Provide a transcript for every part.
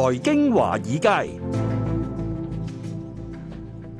財經華爾街，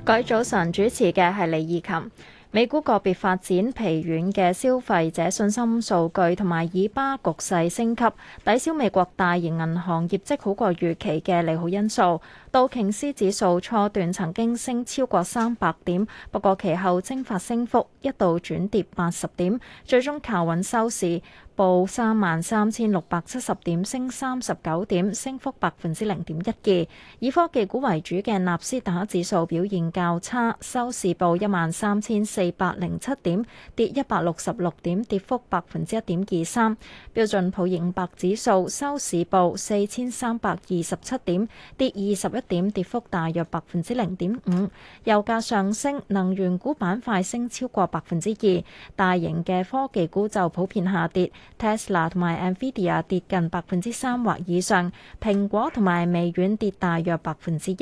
改早晨主持嘅係李義琴。美股個別發展，疲軟嘅消費者信心數據，同埋以巴局勢升級，抵消美國大型銀行業績好過預期嘅利好因素。道瓊斯指數初段曾經升超過三百點，不過其後蒸發升幅一度轉跌八十點，最終靠穩收市，報三萬三千六百七十點，升三十九點，升幅百分之零點一二。以科技股為主嘅納斯達克指數表現較差，收市報一萬三千四百零七點，跌一百六十六點，跌幅百分之一點二三。標準普爾五百指數收市報四千三百二十七點，跌二十一點，跌幅大約百分之零點五，油價上升，能源股板塊升超過百分之二，大型嘅科技股就普遍下跌，Tesla 同埋 Nvidia 跌近百分之三或以上，蘋果同埋微軟跌大約百分之一。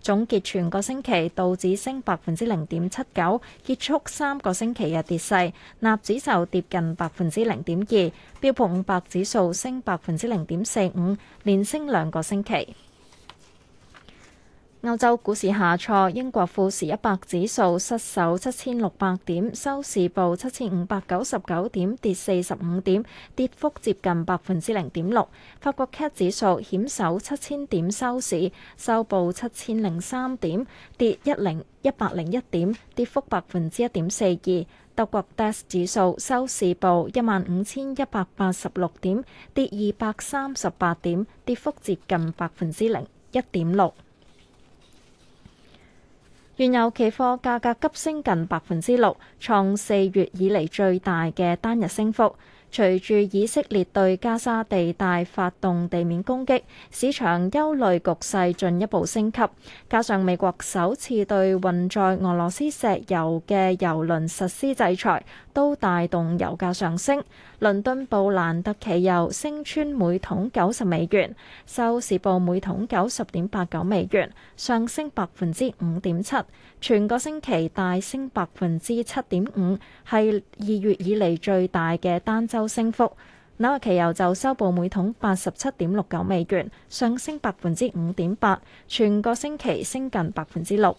總結全個星期道指升百分之零點七九，結束三個星期嘅跌勢，納指就跌近百分之零點二，標普五百指數升百分之零點四五，連升兩個星期。歐洲股市下挫，英國富時一百指數失守七千六百點，收市報七千五百九十九點，跌四十五點，跌幅接近百分之零點六。法國 CAC 指數險守七千點收，收市收報七千零三點，跌一零一百零一點，跌幅百分之一點四二。德國 DAX 指數收市報一萬五千一百八十六點，跌二百三十八點，跌幅接近百分之零一點六。原油期貨價格急升近百分之六，創四月以嚟最大嘅單日升幅。隨住以色列對加沙地帶發動地面攻擊，市場憂慮局勢進一步升級，加上美國首次對運載俄羅斯石油嘅油輪實施制裁，都帶動油價上升。倫敦布蘭特期油升穿每桶九十美元，收市報每桶九十點八九美元，上升百分之五點七，全個星期大升百分之七點五，係二月以嚟最大嘅單週。收升幅，紐約期油就收報每桶八十七點六九美元，上升百分之五點八，全個星期升近百分之六。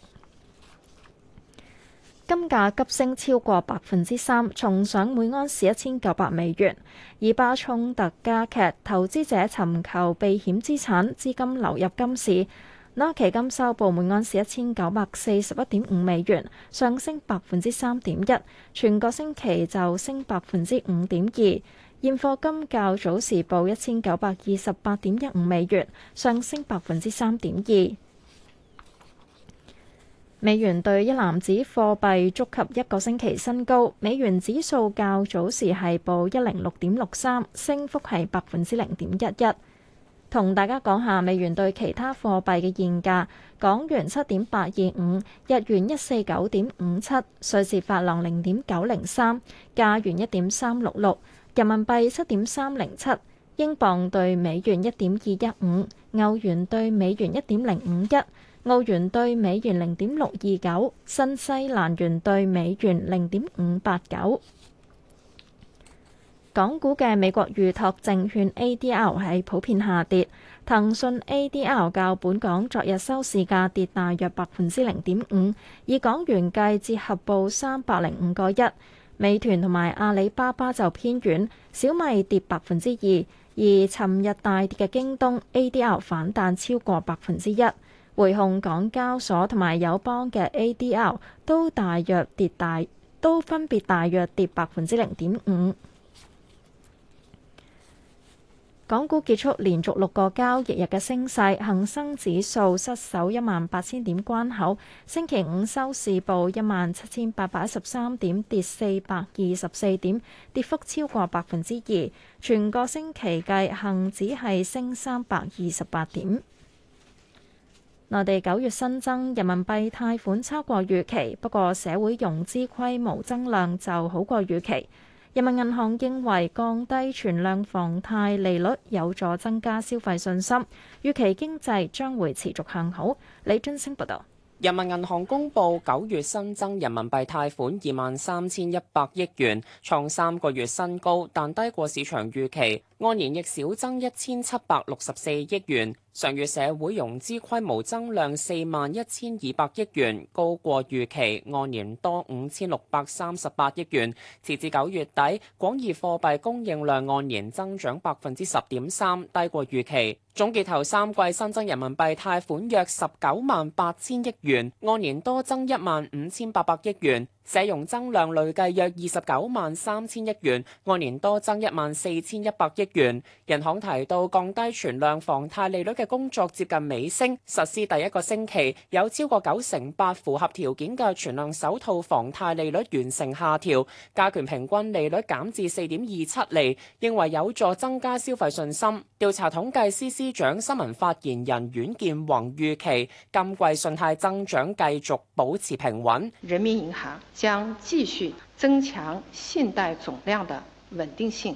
金價急升超過百分之三，重上每安士一千九百美元，以巴衝突加劇，投資者尋求避險資產，資金流入金市。那期金收報每盎司一千九百四十一點五美元，上升百分之三點一，全個星期就升百分之五點二。現貨金較早時報一千九百二十八點一五美元，上升百分之三點二。美元對一籃子貨幣觸及一個星期新高，美元指數較早時係報一零六點六三，升幅係百分之零點一一。同大家講下美元對其他貨幣嘅現價：港元七點八二五，日元一四九點五七，瑞士法郎零點九零三，加元一點三六六，人民幣七點三零七，英鎊對美元一點二一五，歐元對美元一點零五一，澳元對美元零點六二九，新西蘭元對美元零點五八九。港股嘅美國預託證券 A D R 係普遍下跌，騰訊 A D R 較本港昨日收市價跌大約百分之零點五，以港元計折合報三百零五個一。美團同埋阿里巴巴就偏遠，小米跌百分之二，而尋日大跌嘅京東 A D R 反彈超過百分之一，滙控港交所同埋友邦嘅 A D R 都大約跌大都分別大約跌百分之零點五。港股結束連續六個交易日嘅升勢，恒生指數失守一萬八千點關口。星期五收市報一萬七千八百一十三點，跌四百二十四點，跌幅超過百分之二。全個星期計，恒指係升三百二十八點。內地九月新增人民幣貸款超過預期，不過社會融資規模增量就好過預期。人民銀行認為降低存量房貸利率有助增加消費信心，預期經濟將會持續向好。李津星報道，人民銀行公布九月新增人民幣貸款二萬三千一百億元，創三個月新高，但低過市場預期。按年亦少增一千七百六十四億元，上月社會融資規模增量四萬一千二百億元，高過預期，按年多五千六百三十八億元。截至九月底，廣義貨幣供應量按年增長百分之十點三，低過預期。總結頭三季新增人民幣貸款約十九萬八千億元，按年多增一萬五千八百億元，社融增量累計約二十九萬三千億元，按年多增一萬四千一百億元。元人行提到，降低存量房貸利率嘅工作接近尾聲，實施第一個星期有超過九成八符合條件嘅存量首套房貸利率完成下調，加權平均利率減至四點二七厘，認為有助增加消費信心。調查統計司司長新聞發言人阮建宏預期今季信貸增長繼續保持平穩。人民銀行將繼續增強信貸總量的穩定性。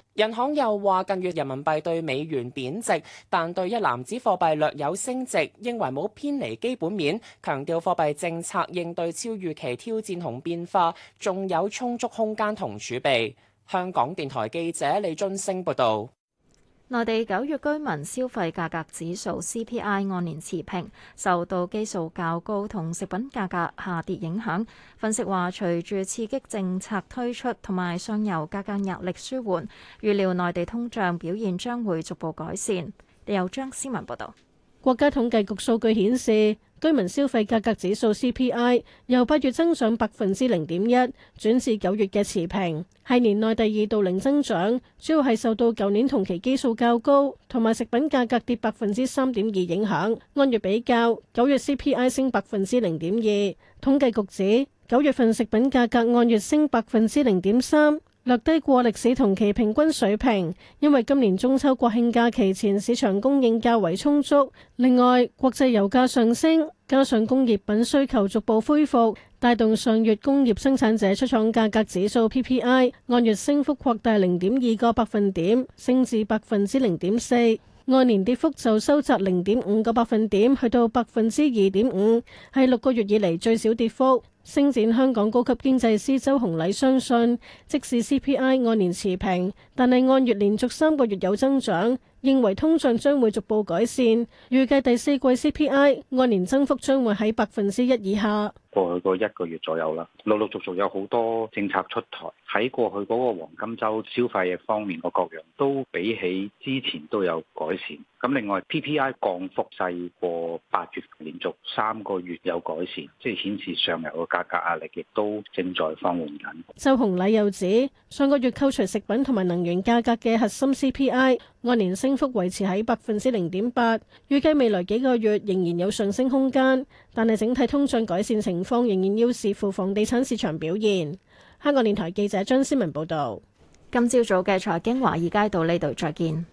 人行又話，近月人民幣對美元貶值，但對一籃子貨幣略有升值，認為冇偏離基本面，強調貨幣政策應對超預期挑戰同變化，仲有充足空間同儲備。香港電台記者李俊升報導。內地九月居民消費價格指數 CPI 按年持平，受到基數較高同食品價格下跌影響。分析話，隨住刺激政策推出同埋上游價格壓力舒緩，預料內地通脹表現將會逐步改善。由張思文報道。國家統計局數據顯示，居民消費價格指數 CPI 由八月增長百分之零點一，轉至九月嘅持平，係年內第二度零增長，主要係受到舊年同期基數較高，同埋食品價格跌百分之三點二影響。按月比較，九月 CPI 升百分之零點二。統計局指九月份食品價格按月升百分之零點三。略低過歷史同期平均水平，因為今年中秋國慶假期前市場供應較為充足。另外，國際油價上升，加上工業品需求逐步恢復，帶動上月工業生產者出廠價格指數 PPI 按月升幅擴大零點二個百分點，升至百分之零點四。按年跌幅就收窄零點五個百分點，去到百分之二點五，係六個月以嚟最少跌幅。星展香港高級經濟師周洪禮相信，即使 CPI 按年持平，但係按月連續三個月有增長。認為通脹將會逐步改善，預計第四季 CPI 按年增幅將會喺百分之一以下。過去嗰一個月左右啦，陸陸續續有好多政策出台，喺過去嗰個黃金周消費方面個各樣都比起之前都有改善。咁另外 PPI 降幅細過八月，連續三個月有改善，即係顯示上游嘅價格壓力亦都正在放緩緊。周紅禮又指，上個月扣除食品同埋能源價格嘅核心 CPI，按年升幅維持喺百分之零點八，預計未來幾個月仍然有上升空間，但係整體通脹改善情況仍然要視乎房地產市場表現。香港電台記者張思文報道。今朝早嘅財經華爾街到呢度再見。